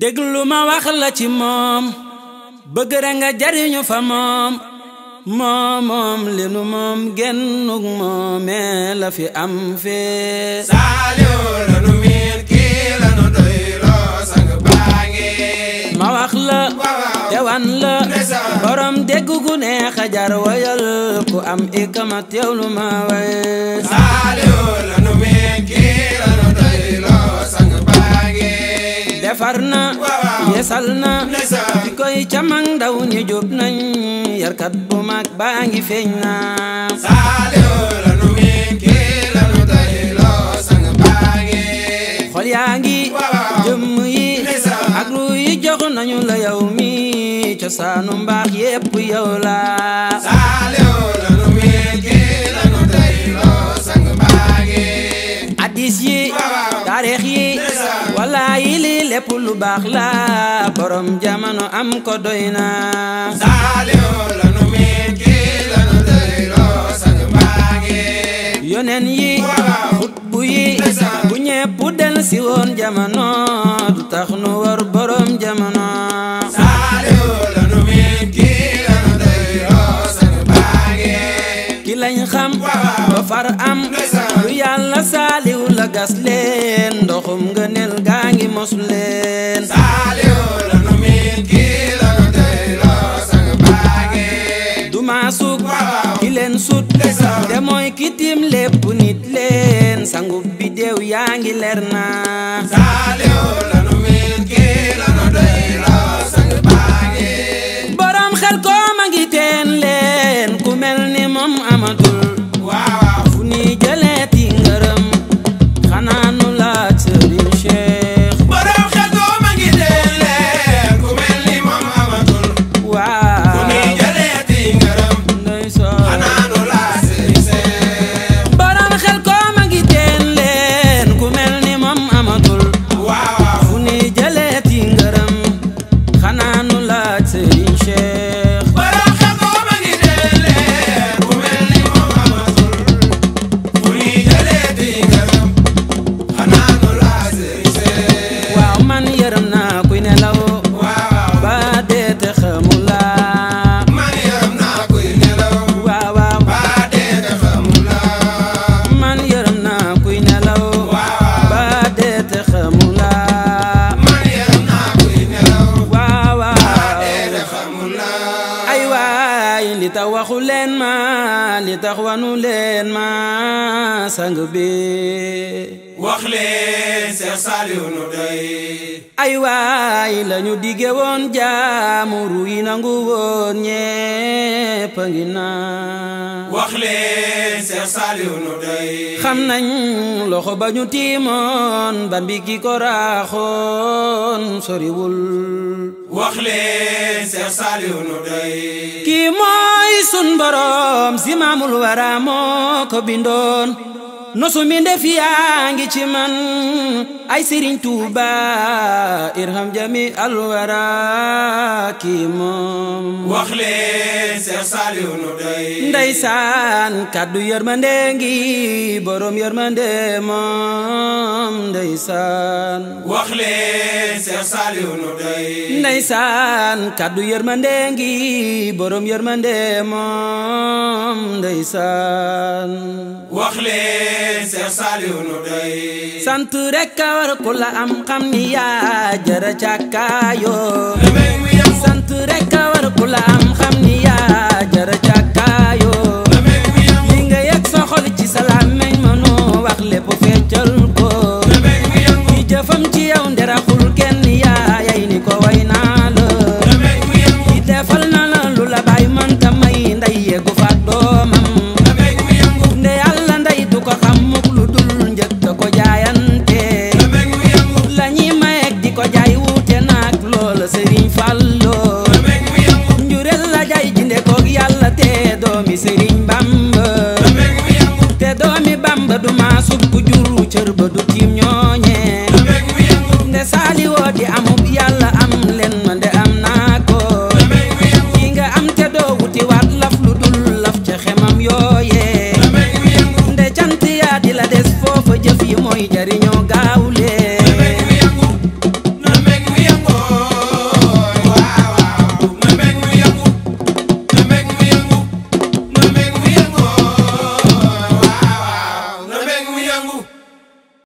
déglu ma wax la ci moom bëgg ra jariñu fa moom moom moom li nu moom gennuk moomee la fi am fee Saliou la nu miin kii la nu doy loo sang ma wax tewan la borom dégg gu a jar woyal ku am ikamat yow ma way Saliou la nu miin defar na yeesal na di koy camang ndaw ñi jub nañ yarkat bu mag baa ngi feeñ na saaliw lanu minki lanu dayloo sang baa ngi xol yaa ngi jëmm yi ak ru yi jox nañu la yow mi cosaanu mbaax yépp yow la saaliw yi wallaahi lii lépp lu baax la borom jamono am ko doy na saaliw la nu kii la nu tëriloo sang mbaange yonen yi xutbu yi bu ñépp del si woon jamono du tax nu war borom jamono saaliw la nu kii la nu tëriloo sang mbaange ki lañ xam ba far am lu yàlla saaliw la gas leen ndoxum ngëneel gaa ngi mos leen saaliw la nu miin ko tey loo baage du maa suk ki leen sut te mooy ki tiim nit leen sangub bi deew yaa ngi leer naa taxu leen ma li tax ma sang bi wax leen Seex Saaliw nu doy ay waay lañu digge woon jaamuru yi nangu woon ñépp a wax leen Seex Saaliw nu doy xam nañ loxo ba ñu tiimoon ba mbiki ko raaxoon woon soriwul wax leen nu doy kii mooy sun boroom si maamul wara moo ko bindoon nosu mi yaa ngi ci man ay sëriñ tuuba irham jami alwara kii moom wax leen Seex Saaliw nu doy ndeysaan kàddu yërmande ngi borom yërmande moom ndeysaan wax leen Seex Saaliw nu doy ndeysaan kàddu yërmande ngi borom yërmande moom ndeysaan wax leen Seex Saaliw sant rek a war ku la am xam ni yaa jërë càkkaayoo sant rek a war ku la am